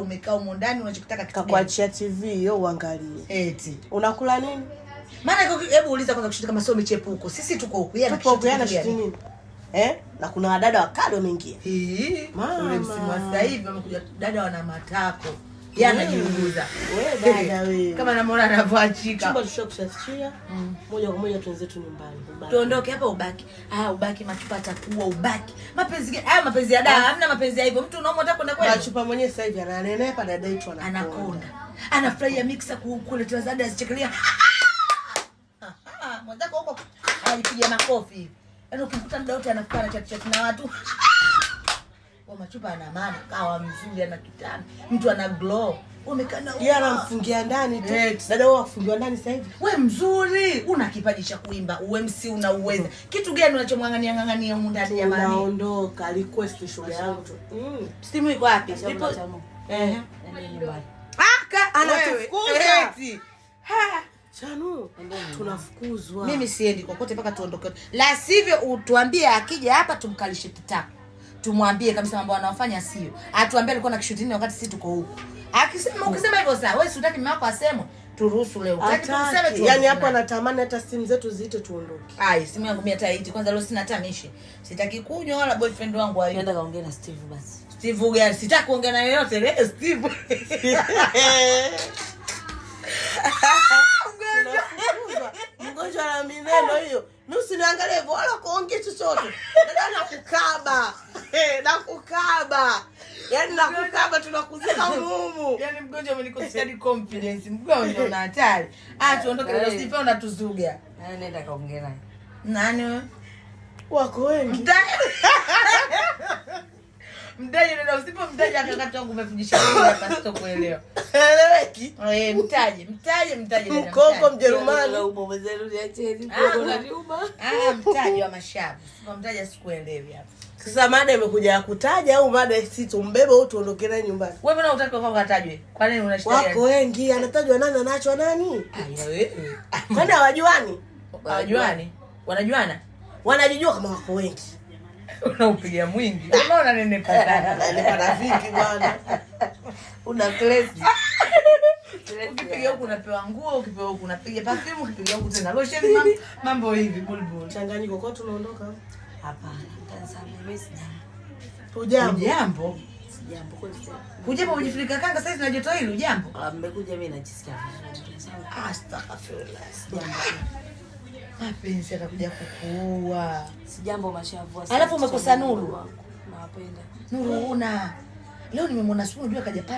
umekaa humo ndani, unachokitaka kakuachia TV yo uangalie, eti unakula nini? Maana hebu uliza kwanza, kushuti kama sio michepuko, sisi tuko huku, yeye anashuti nini eh? Na kuna wadada wakali wameingia, msimu wa sasa hivi wamekuja dada wana matako yeye anajiuguza kama namona anavyoachika. Mm. moja kwa moja, tuanze tu nyumbani, tuondoke hapa. Ubaki ah, ubaki machupa atakuwa ubaki mapenzi haya? Ah, mapenzi ya dawa ah. hamna, mapenzi ya hivyo. Mtu unaomba hata kwenda kwenda machupa mwenyewe. Sasa hivi ananenepa hapa, dada yetu anakonda, anafurahia mixer kuletewa zada, azichekelea mwenzako huko, alipiga makofi. Yaani ukimkuta mda wote anafika na chat chat na watu kwa machupa ana maana, kawa mzuri, ana kitani mtu ana glow. Umekana yeye anamfungia ndani tu. Eh, Dada wao afungiwa ndani sasa hivi. Wewe mzuri, una kipaji cha kuimba, wewe MC una uwezo. mm. Kitu gani unachomwangania ng'ang'ania huko ndani ya mali? Naondoka, request shule yangu tu. Mm. Simu iko wapi? Ndipo. Eh. Mm-hmm. Aka ah, anatufukuza eh, eti. Ha. Chanu, tunafukuzwa. Mimi siendi kokote mpaka tuondoke. La sivyo utuambie akija hapa tumkalishe kitako tumwambie kabisa mambo anawafanya sio. Atuambie alikuwa na kishutini wakati sisi tuko huko. Akisema ukisema hivyo sawa, wewe sitaki mama wako asemo turuhusu leo. Hataki tuseme tu. Yaani hapo anatamani hata simu zetu ziite tuondoke. Ai, simu yangu mimi hata kwanza leo sina hata mishi. Sitaki kunywa wala boyfriend wangu ayo. Nenda kaongea na Steve basi. Steve gani? Sitaki kuongea na yeyote leo eh, Steve. Mgonjwa la mineno hiyo. Mimi usiniangalie hivyo wala kuongea chochote. Dada nakukaba tunakukaba yaani nakukaba tunakuzika humu yaani mgonjwa confidence mgonjwa na hatari ah tuondoke leo nani wako wengi mtaji wangu mtaji mtaji mtaji mkoko mjerumani mkoko ah, wa mashavu sio mtaji hapa sasa mada imekuja ya kutaja au mada si tumbebe au tuondoke naye nyumbani? Wewe mbona unataka kwamba atajwe? Kwa nini unashtaki? Wako wengi, anatajwa nani anaachwa nani? Haya wewe. Kwani hawajuani? Hawajuani. Wanajuana? Wanajijua kama wako wengi. Unaupiga mwingi. Unaona nene patana. Nene pana bwana. Una stress. Ukipiga huku unapewa nguo, ukipewa huku unapiga perfume, ukipiga huku tena lotion, mambo hivi bulbul. Changanyiko kwa tunaondoka. Hapana, ujambo mimi sijambo. Hujambo? Hujambo? Sijambo kweli. Kuja kujifunika kanga sasa na joto hili hujambo? Ah, mmekuja mimi najisikia vizuri. Astaghfirullah. Sijambo. Mapenzi atakuja kukuua. Sijambo mashavu. Alafu umekosa Nuru. Nawapenda. Nuru una. Leo nimemwona siku unajua kaja pale